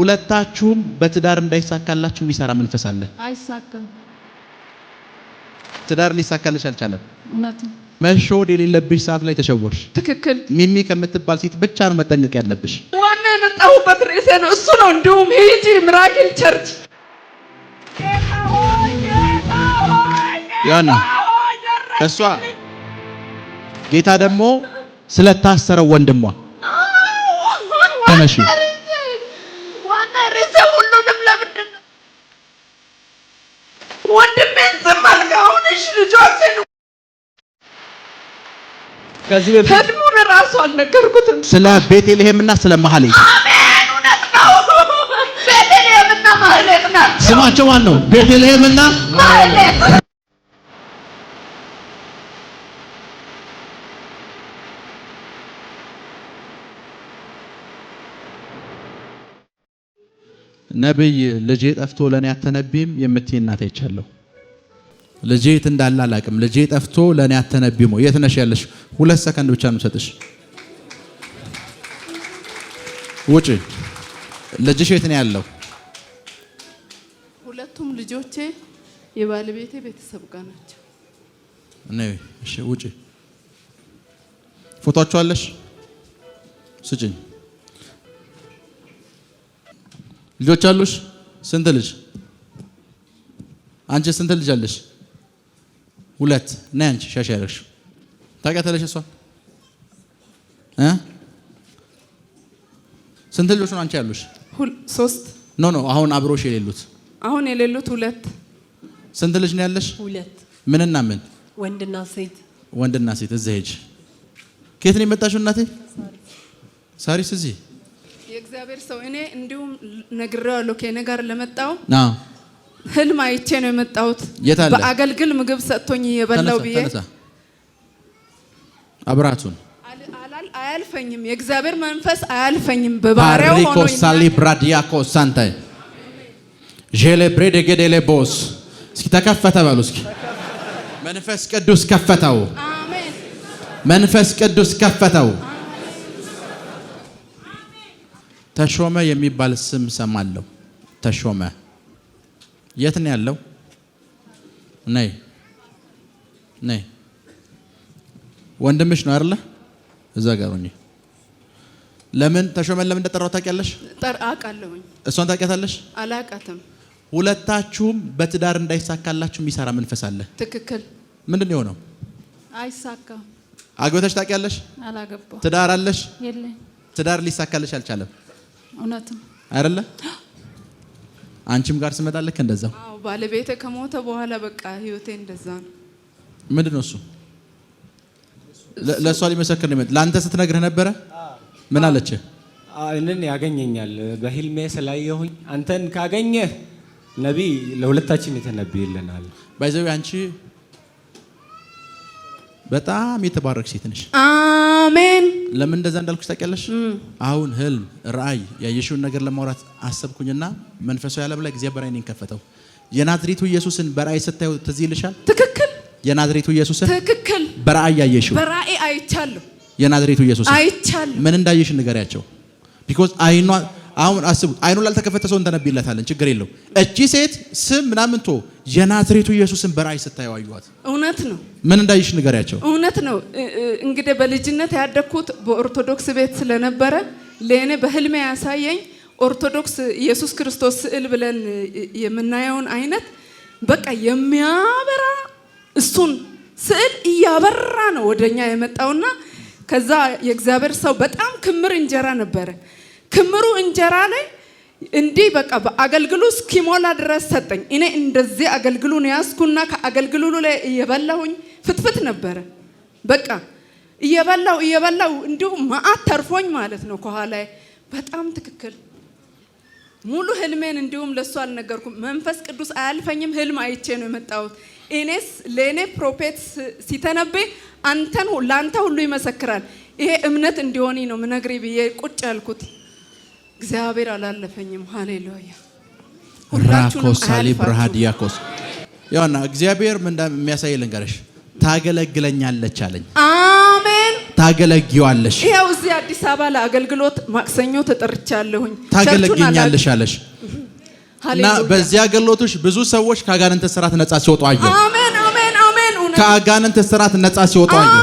ሁለታችሁም በትዳር እንዳይሳካላችሁ የሚሰራ መንፈስ አለ። አይሳካም። ትዳር ሊሳካልሽ አልቻለም። እውነት የሌለብሽ ሰዓት ላይ ተሸወድሽ። ትክክል። ሚሚ ከምትባል ሴት ብቻ ነው መጠንቀቅ ያለብሽ። ዋና የመጣሁበት ርዕሴ ነው፣ እሱ ነው። እንዲሁም ሂጂ ሚራክል ቸርች ያና እሷ ጌታ ደግሞ ስለታሰረው ወንድሟ ተመሽ ርዕሰ ሁሉንም ለምንድን ነው ወንድሜን ዝም አልጋ አሁንሽ ልጇን ከዚህ በፊት ህልሙን ራሱ አልነገርኩትም። ስለ ቤተልሔምና ስለ ማህሌት አሜን። እውነት ነው። ቤተልሔምና ማህሌት ናቸው። ስማቸው ማን ነው? ቤተልሔምና ማህሌት ነብይ ልጄ ጠፍቶ ለእኔ አተነቢም የምትይ እናት አይቻለሁ። ልጄ የት እንዳለ አላቅም። ልጄ ጠፍቶ ለእኔ አተነቢሞ የት ነሽ ያለሽ? ሁለት ሰከንድ ብቻ ነው ሰጥሽ። ውጪ ልጅሽ የት ነው ያለው? ሁለቱም ልጆቼ የባለቤቴ ቤተሰብ ጋር ናቸው። ነይ እሺ፣ ውጪ ፎቶአቸው አለሽ ስጭኝ። ልጆች አሉሽ? ስንት ልጅ? አንቺ ስንት ልጅ አለሽ? ሁለት። እና አንቺ ሻሽ ያለሽ ታውቂያታለሽ? እሷ ስንት ልጆች ነው አንቺ ያሉሽ? ሶስት። ኖ ኖ፣ አሁን አብሮሽ የሌሉት አሁን የሌሉት ሁለት። ስንት ልጅ ነው ያለሽ? ሁለት። ምንና ምን? ወንድና ሴት። ወንድና ሴት። እዚህ ሂጅ። ከየት ነው የመጣሽው እናቴ? ሳሪስ እዚህ እግዚአብሔር ሰው እኔ እንዲሁም ነግሬዋለሁ። ከእኔ ጋር ለመጣው ህልም አይቼ ነው የመጣሁት። በአገልግል ምግብ ሰጥቶኝ እየበላው ብዬ አብራቱን አያልፈኝም። የእግዚአብሔር መንፈስ አያልፈኝም። በባሪያው ሆኖ ሳሊ ብራዲያኮ ሳንታ ዤሌብሬ ደገደሌ ቦስ እስኪ ተከፈተ በሉ እስኪ መንፈስ ቅዱስ ከፈተው። መንፈስ ቅዱስ ከፈተው። ተሾመ የሚባል ስም ሰማለሁ። ተሾመ የት ነው ያለው? ነይ ነይ፣ ወንድምሽ ነው አይደለ? እዛ ጋር ሆኜ ለምን ተሾመን ለምን እንደጠራው ታውቂያለሽ? አውቃለሁኝ። እሷን ታውቂያታለሽ? አላውቃትም። ሁለታችሁም በትዳር እንዳይሳካላችሁ የሚሰራ መንፈስ አለ። ትክክል። ምንድን ነው የሆነው? አይሳካም። አግብተሽ ታውቂያለሽ? አላገባሁም። ትዳር አለሽ? የለኝም። ትዳር ሊሳካልሽ አልቻለም። እውነት አይደለ? አንቺም ጋር ስመጣለክ እንደዛ። አዎ ባለቤቴ ከሞተ በኋላ በቃ ህይወቴ እንደዛ ነው። ምንድን ነው እሱ ለእሷ ሊመሰክር ነው። ለአንተ ስትነግርህ ነበረ። ምን አለች? እንን ያገኘኛል በህልሜ ስላየሁኝ አንተን ካገኘህ ነቢይ ለሁለታችን የተነብይልናል ባይዘዊ አንቺ በጣም የተባረክ ሴት ነሽ። አሜን። ለምን እንደዛ እንዳልኩሽ ታውቂያለሽ? አሁን ህልም ራእይ ያየሽውን ነገር ለማውራት አሰብኩኝና መንፈሳዊ ዓለም ላይ እግዚአብሔር አይኔን ከፈተው። የናዝሬቱ ኢየሱስን በራእይ ስታዩ ትዝ ይልሻል። ትክክል። የናዝሬቱ ኢየሱስን ትክክል። በራእይ ያየሽው በራእይ አይቻለሁ። የናዝሬቱ ኢየሱስ አይቻለሁ። ምን እንዳየሽ ንገሪያቸው። ቢኮዝ አይኗ አሁን አስቡ፣ አይኑ ላልተከፈተ ሰው እንተነብይለታለን። ችግር የለው። እቺ ሴት ስም ምናምን ቶ የናዝሬቱ ኢየሱስን በራእይ ስታዩ አዩዋት። እውነት ነው። ምን እንዳይሽ ንገሪያቸው። እውነት ነው። እንግዲህ በልጅነት ያደግኩት በኦርቶዶክስ ቤት ስለነበረ ለእኔ በህልሜ ያሳየኝ ኦርቶዶክስ ኢየሱስ ክርስቶስ ስዕል ብለን የምናየውን አይነት በቃ የሚያበራ እሱን ስዕል እያበራ ነው ወደኛ የመጣውና ከዛ የእግዚአብሔር ሰው በጣም ክምር እንጀራ ነበረ። ክምሩ እንጀራ ላይ እንዲህ በቃ አገልግሉ እስኪሞላ ድረስ ሰጠኝ። እኔ እንደዚህ አገልግሉን ያዝኩና ከአገልግሉ ላይ እየበላሁኝ ፍትፍት ነበረ። በቃ እየበላው እየበላው እንዲሁ መዓት ተርፎኝ ማለት ነው። ከኋላ በጣም ትክክል ሙሉ ህልሜን እንዲሁም ለእሱ አልነገርኩም። መንፈስ ቅዱስ አያልፈኝም። ህልም አይቼ ነው የመጣሁት። እኔስ ለእኔ ፕሮፌት ሲተነብይ አንተን ለአንተ ሁሉ ይመሰክራል። ይሄ እምነት እንዲሆን ነው ምነግሪ ብዬ ቁጭ ያልኩት። እግዚአብሔር አላለፈኝም። ሃሌሉያ ራኮሳሊ ብርሃድ ያውና እግዚአብሔር ምን እንደሚያሳይ ልንገርሽ። ታገለግለኛለች አለኝ። አሜን። ታገለግያለሽ። ይኸው እዚህ አዲስ አበባ ለአገልግሎት ማክሰኞ ተጠርቻለሁኝ። ታገለግኛለሽ አለሽ እና በዚህ አገልግሎትሽ ብዙ ሰዎች ከአጋንንት ስራት ነጻ ሲወጡ አየሁ። አሜን፣ አሜን፣ አሜን። ከአጋንንት ስራት ነጻ ሲወጡ አየሁ።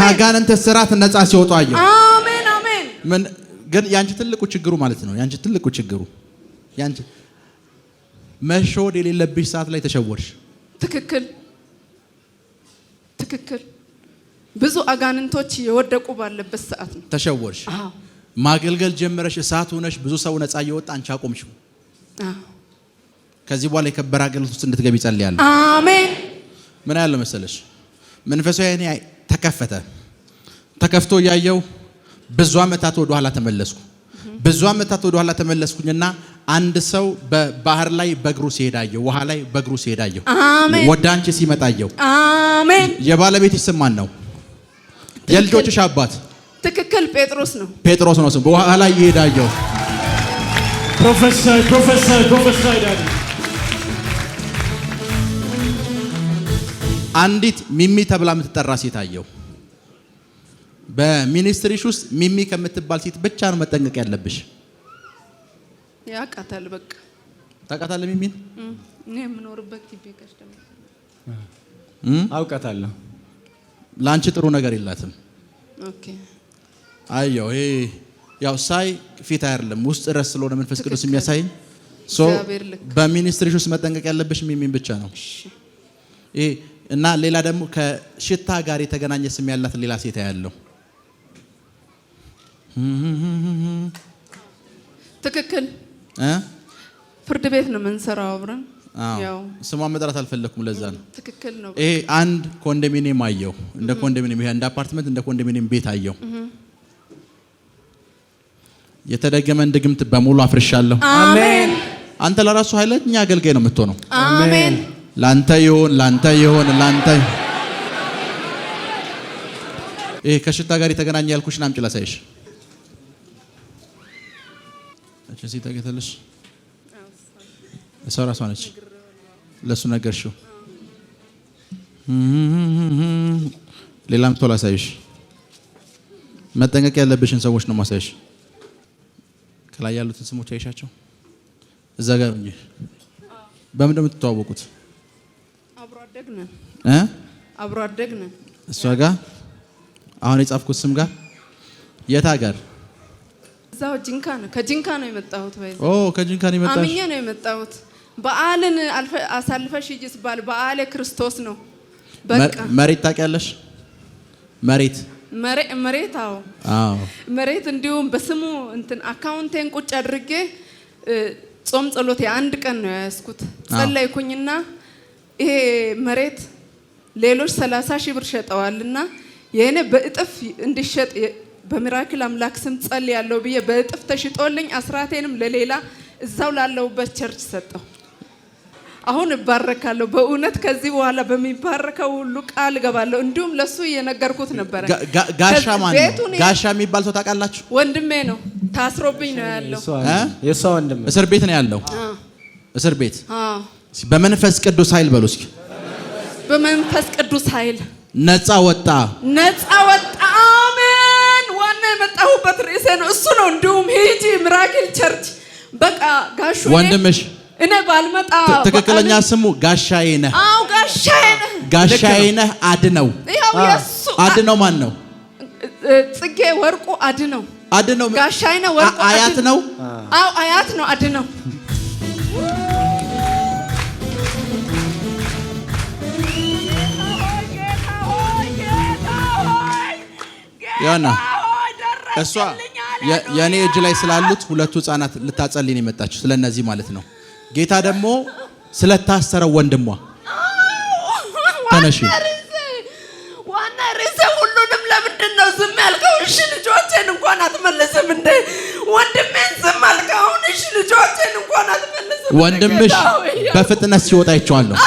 ከአጋንንት ስራት ነጻ ሲወጡ አየሁ። አሜን፣ አሜን ግን የአንቺ ትልቁ ችግሩ ማለት ነው። የአንቺ ትልቁ ችግሩ ያንቺ መሸወድ የሌለብሽ ሰዓት ላይ ተሸወርሽ ትክክል ትክክል። ብዙ አጋንንቶች የወደቁ ባለበት ሰዓት ነው ተሸወርሽ ማገልገል ጀመረሽ፣ እሳት ሆነሽ፣ ብዙ ሰው ነፃ እየወጣ አንቺ አቆምሽ ከዚህ በኋላ የከበረ አገልግሎት ውስጥ እንድትገቢ ጸልያለሁ። አሜን። ምን ያለ መሰለሽ መንፈሳዊ ተከፈተ። ተከፍቶ ያየው ብዙ ዓመታት ወደ ኋላ ተመለስኩ። ብዙ ዓመታት ወደ ኋላ ተመለስኩኝና አንድ ሰው በባህር ላይ በእግሩ ሲሄዳየው፣ ውሃ ላይ በእግሩ ሲሄዳየው፣ ወደ አንቺ ሲመጣየው። አሜን። የባለቤትሽ ስም ማን ነው? የልጆችሽ አባት ትክክል፣ ጴጥሮስ ነው። ጴጥሮስ ነው ስሙ። በውሃ ላይ ይሄዳየው። ፕሮፌሰር ፕሮፌሰር ፕሮፌሰር አንዲት ሚሚ ተብላ የምትጠራ ሴት አየው። በሚኒስትሪሽ ውስጥ ሚሚ ከምትባል ሴት ብቻ ነው መጠንቀቅ ያለብሽ። ያቃታል። በቃ ታውቃታለህ። ሚሚ እኔ የምኖርበት ግቢ አውቃታለሁ። ለአንቺ ጥሩ ነገር የላትም። ኦኬ ይሄ ያው ሳይ ፊት አይደለም ውስጥ ረስ ስለሆነ መንፈስ ቅዱስ የሚያሳይኝ ሶ በሚኒስትሪሽ ውስጥ መጠንቀቅ ያለብሽ ሚሚን ብቻ ነው። እና ሌላ ደግሞ ከሽታ ጋር የተገናኘ ስም ያላት ሌላ ሴት ያለው ትክክል። ፍርድ ቤት ነው የምንሰራው አብረን። ስሟን መጥራት አልፈለኩም፣ ለዛ ነው። ትክክል ነው። ይሄ አንድ ኮንዶሚኒየም አየሁ፣ እንደ ኮንዶሚኒየም ይሄ እንደ አፓርትመንት እንደ ኮንዶሚኒየም ቤት አየሁ። የተደገመን ድግምት በሙሉ አፍርሻለሁ። አሜን። አንተ ለራሱ ኃይለኛ አገልጋይ ነው የምትሆነው። አሜን። ላንተ ይሁን፣ ላንተ ይሁን፣ ላንተ ይሄ ከሽታ ጋር የተገናኘ ያልኩሽን አምጪ ላሳይሽ። ነች። እዚህ ታገተልሽ እሷ ራሷ ነች። ለእሱ ነገርሽው። ሌላም ቶል አሳይሽ። መጠንቀቅ ያለብሽን ሰዎች ነው ማሳይሽ። ከላይ ያሉትን ስሞች አይሻቸው። እዛ ጋር እንጂ በምን የምትተዋወቁት? አብሮ አደግ ነን። እሷ ጋር አሁን የጻፍኩት ስም ጋር የት ሀገር እዛው ጅንካ ነው። ከጅንካ ነው የመጣሁት። ኦ ከጅንካ ነው የመጣሁት። አምኜ ነው የመጣሁት። በዓልን አሳልፈሽ ሂጂ ስባል በዓለ ክርስቶስ ነው። በቃ መሬት ታውቂያለሽ? መሬት መሬት አዎ፣ አዎ መሬት እንዲሁም በስሙ እንትን አካውንቴን ቁጭ አድርጌ ጾም ጸሎት የአንድ ቀን ነው ያያዝኩት። ጸለይኩኝና ይሄ መሬት ሌሎች ሰላሳ ሺህ ብር ሸጠዋልና የኔ በእጥፍ እንዲሸጥ በሚራክል አምላክ ስም ጸልያለሁ ብዬ በእጥፍ ተሽጦልኝ አስራቴንም ለሌላ እዛው ላለውበት ቸርች ሰጠው። አሁን እባረካለሁ። በእውነት ከዚህ በኋላ በሚባረከው ሁሉ ቃል ገባለሁ እንዲሁም ለሱ እየነገርኩት ነበረ። ጋሻ ማለት ጋሻ የሚባል ሰው ታውቃላችሁ? ወንድሜ ነው። ታስሮብኝ ነው ያለው። የእሷ ወንድሜ እስር ቤት ነው ያለው። እስር ቤት በመንፈስ ቅዱስ ኃይል በሉ እስኪ። በመንፈስ ቅዱስ ኃይል ነፃ ወጣ፣ ነፃ ወጣ የመጣሁበት ርዕሴ ነው እሱ ነው። እንዲሁም ሂጂ ሚራክል ቸርች በቃ ጋሹ ወንድምሽ እኔ ባልመጣ ትክክለኛ ስሙ ጋሻዬ ነህ። አዎ ጋሻዬ ነህ፣ ጋሻዬ ነህ። አድነው አድነው ማን ነው? ጽጌ ወርቁ አድነው አድነው ጋሻዬ ነህ። ወርቁ አያት ነው። አዎ አያት ነው። አድነው ዮና እሷ የእኔ እጅ ላይ ስላሉት ሁለቱ ህጻናት ልታጸልኝ ነው የመጣችው፣ ስለነዚህ ማለት ነው። ጌታ ደግሞ ስለታሰረው ወንድሟ ተነሽ። ዋና ርዕሰ ሁሉንም ለምንድን ነው ዝም ያልከው? እሺ ልጆቼን እንኳን አትመልስም እንደ ወንድሜን ዝም አልከውን? አሁን እሺ ልጆቼን እንኳን አትመልስም። ወንድምሽ በፍጥነት ሲወጣ ይቸዋለሁ።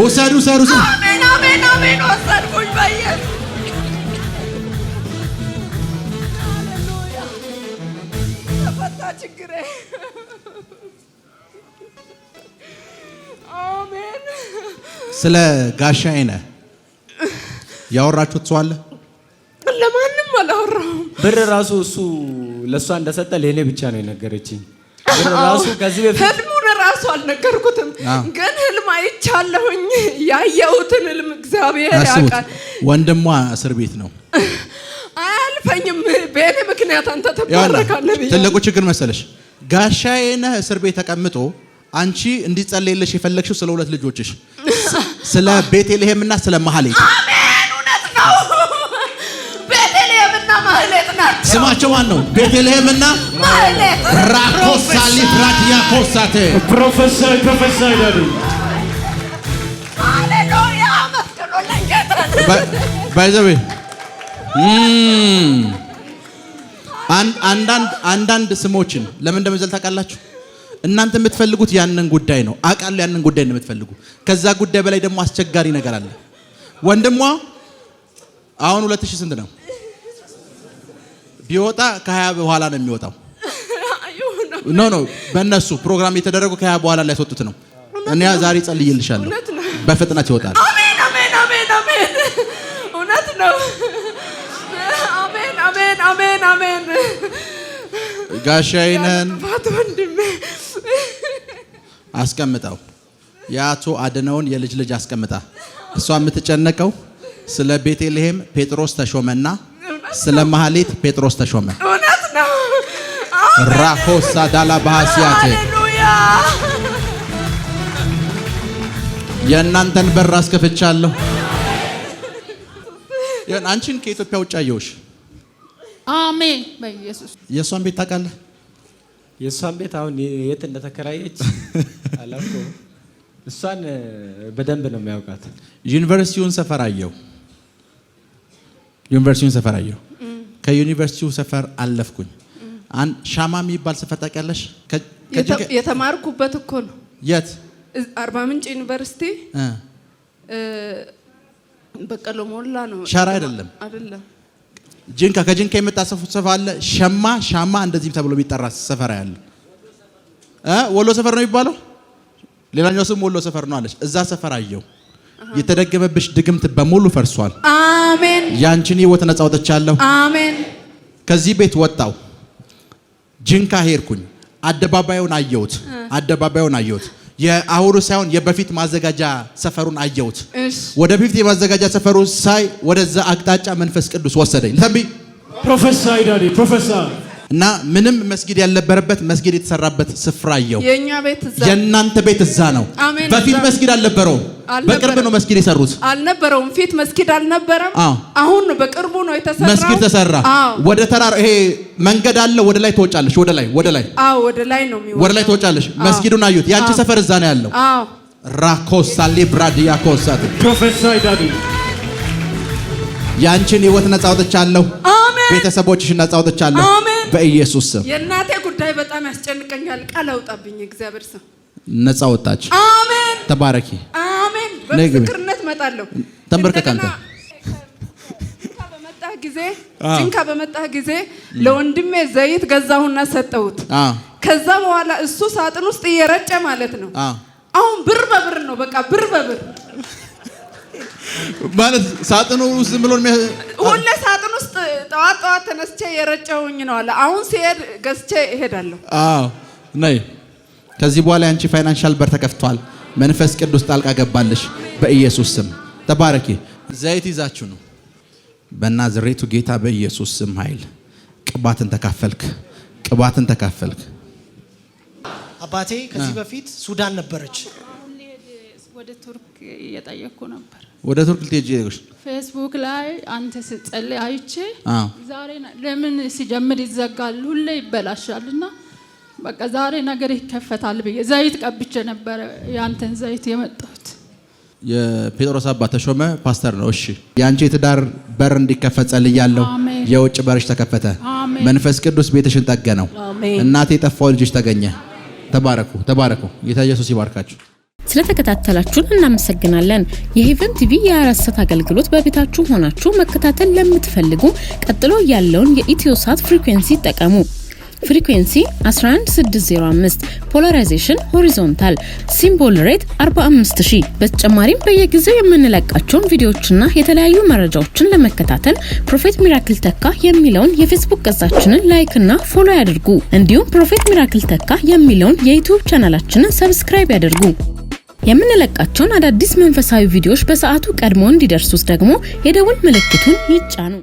ውሰዱ ሰሩ ስለ ጋሻ ጋሻዬ ያወራችሁት ሰው አለ? ለማንም አላወራሁም። ብር ራሱ እሱ ለእሷ እንደሰጠ ለእኔ ብቻ ነው የነገረችኝ። ብር ራሱ ከዚህ በፊት ህልሙን ራሱ አልነገርኩትም፣ ግን ህልም አይቻለሁኝ። ያየሁትን ህልም እግዚአብሔር ያውቃል። ወንድሟ እስር ቤት ነው። አያልፈኝም። በእኔ ምክንያት አንተ ትባረካለህ ትልቁ ችግር መሰለሽ ጋሻዬ ነህ እስር ቤት ተቀምጦ አንቺ እንዲጸለይልሽ የፈለግሽው ስለ ሁለት ልጆችሽ ስለ ቤተልሔምና ስለ ማህሌት ስማቸው ማን ነው? ቤተልሔምና ማህሌት። ራኮሳሊ ሊፍራት ኮሳቴ ፕሮፌሰር ፕሮፌሰር ይላሉ። ባይዘዌ አንዳንድ ስሞችን ለምን እንደመዘል ታውቃላችሁ? እናንተ የምትፈልጉት ያንን ጉዳይ ነው አቃሉ ያንን ጉዳይ ነው የምትፈልጉ። ከዛ ጉዳይ በላይ ደግሞ አስቸጋሪ ነገር አለ። ወንድሟ አሁን ሁለት ሺህ ስንት ነው ቢወጣ ከሀያ በኋላ ነው የሚወጣው። ኖ ኖ በእነሱ ፕሮግራም የተደረገው ከሀያ በኋላ ሊያስወጡት ነው። እኔ ዛሬ ጸልይልሻለሁ፣ በፍጥነት ይወጣል። እውነት ነው። ጋሻይነን አስቀምጠው የአቶ አድነውን የልጅ ልጅ አስቀምጣ። እሷ የምትጨነቀው ስለ ቤተልሔም ጴጥሮስ ተሾመና ስለ መሐሌት ጴጥሮስ ተሾመ። እውነት ነው። ራሆሳ ዳላ የእናንተን በር አስከፍቻለሁ። አንቺን ከኢትዮጵያ ውጭ አየሁሽ። አሜን። በኢየሱስ የእሷን ቤት ታውቃለህ። የእሷን ቤት አሁን የት እንደተከራየች አላውቀውም። እሷን በደንብ ነው የሚያውቃት። ዩኒቨርሲቲውን ሰፈራየሁ ዩኒቨርሲቲውን ሰፈራየሁ ከዩኒቨርሲቲው ሰፈር አለፍኩኝ። ሻማ የሚባል ሰፈር ታውቂያለሽ? የተማርኩበት እኮ ነው። የት? አርባ ምንጭ ዩኒቨርሲቲ በቀሎ ሞላ ነው። ሸራ አይደለም አይደለም ጅንካ ከጅንካ የመጣ ሰፈር አለ። ሸማ ሻማ እንደዚህ ተብሎ የሚጠራ ሰፈር ያለ ወሎ ሰፈር ነው የሚባለው። ሌላኛው ስም ወሎ ሰፈር ነው አለች። እዛ ሰፈር አየው የተደገመብሽ ድግምት በሙሉ ፈርሷል። አሜን። ያንቺን ህይወት ነጻ ወጥቻለሁ። አሜን። ከዚህ ቤት ወጣው ጅንካ ሄድኩኝ። አደባባዩን አየሁት። አደባባዩን አየሁት። የአሁኑ ሳይሆን የበፊት ማዘጋጃ ሰፈሩን አየሁት። ወደ ፊት የማዘጋጃ ሰፈሩ ሳይ ወደዛ አቅጣጫ መንፈስ ቅዱስ ወሰደኝ። ተንቢ ፕሮፌሰር አይዳዲ ፕሮፌሰር እና ምንም መስጊድ ያልነበረበት መስጊድ የተሰራበት ስፍራ አየው። የእናንተ ቤት እዛ ነው። በፊት መስጊድ አልነበረውም። በቅርብ ነው መስጊድ የሰሩት። አልነበረውም፣ ፊት መስጊድ አልነበረም። አሁን ነው በቅርቡ ነው የተሰራው። መስጊድ ተሰራ። ወደ ተራራ ይሄ መንገድ አለ። ወደ ላይ ትወጫለሽ። ወደ ላይ ወደ ላይ ወደ ላይ ነው የሚወጣው። ወደ ላይ ትወጫለሽ። መስጊዱን አዩት። ያንቺ ሰፈር እዛ ነው ያለው። ራኮሳ ሊብራዲያ ኮሳት ፕሮፌሰር ዳዲ ያንቺን ህይወት ነጻ አውጥቻለሁ። ቤተሰቦችሽን ነጻ አውጥቻለሁ። በኢየሱስ ስም የእናቴ ጉዳይ በጣም ያስጨንቀኛል። ቃል አውጣብኝ። እግዚአብሔር ስም ነፃ ወጣች። አሜን። ተባረኪ። አሜን። በምስክርነት እመጣለሁ። ተንበርከክ አንተ ጊዜ ጭንካ በመጣ ጊዜ ለወንድሜ ዘይት ገዛሁና ሰጠሁት። ከዛ በኋላ እሱ ሳጥን ውስጥ እየረጨ ማለት ነው። አሁን ብር በብር ነው፣ በቃ ብር በብር ማለት ሳጥኑ ውስጥ ብሎ ሁሌ ሳጥን ውስጥ ጠዋት ጠዋት ተነስቼ የረጨውኝ ነው አለ። አሁን ሲሄድ ገዝቼ እሄዳለሁ። አዎ ነይ። ከዚህ በኋላ የአንቺ ፋይናንሻል በር ተከፍቷል። መንፈስ ቅዱስ ጣልቃ ገባለሽ በኢየሱስ ስም። ተባረኪ። ዘይት ይዛችሁ ነው በናዝሬቱ ጌታ በኢየሱስ ስም ኃይል ቅባትን ተካፈልክ፣ ቅባትን ተካፈልክ። አባቴ ከዚህ በፊት ሱዳን ነበረች። ወደ ቱርክ እየጠየቅኩ ነበር ወደ ቱርክ ልትሄጂ ሄደሽ ፌስቡክ ላይ አንተ ስትጸልይ አይቼ ዛሬ ለምን ሲጀምር ይዘጋል፣ ሁሌ ይበላሻልና በቃ ዛሬ ነገር ይከፈታል ብዬ ዘይት ቀብቼ ነበረ ያንተን ዘይት የመጣሁት። የጴጥሮስ አባት ተሾመ ፓስተር ነው። እሺ የአንቺ የትዳር በር እንዲከፈት ጸልያለሁ። የውጭ በርሽ ተከፈተ። መንፈስ ቅዱስ ቤትሽን ጠገነው። እናቴ የጠፋው ልጅሽ ተገኘ። ተባረኩ፣ ተባረኩ። ጌታ ኢየሱስ ይባርካችሁ። ስለተከታተላችሁን እናመሰግናለን። የሄቨን ቲቪ የአራሰት አገልግሎት በቤታችሁ ሆናችሁ መከታተል ለምትፈልጉ ቀጥሎ ያለውን የኢትዮሳት ፍሪኩዌንሲ ይጠቀሙ። ፍሪኩዌንሲ 11605 ፖላራይዜሽን ሆሪዞንታል ሲምቦል ሬት 45000። በተጨማሪም በየጊዜው የምንለቃቸውን ቪዲዮዎችና የተለያዩ መረጃዎችን ለመከታተል ፕሮፌት ሚራክል ተካ የሚለውን የፌስቡክ ገጻችንን ላይክ እና ፎሎ ያድርጉ። እንዲሁም ፕሮፌት ሚራክል ተካ የሚለውን የዩቲዩብ ቻናላችንን ሰብስክራይብ ያድርጉ። የምንለቃቸውን አዳዲስ መንፈሳዊ ቪዲዮዎች በሰዓቱ ቀድሞ እንዲደርሱት ደግሞ የደውል ምልክቱን ይጫኑ።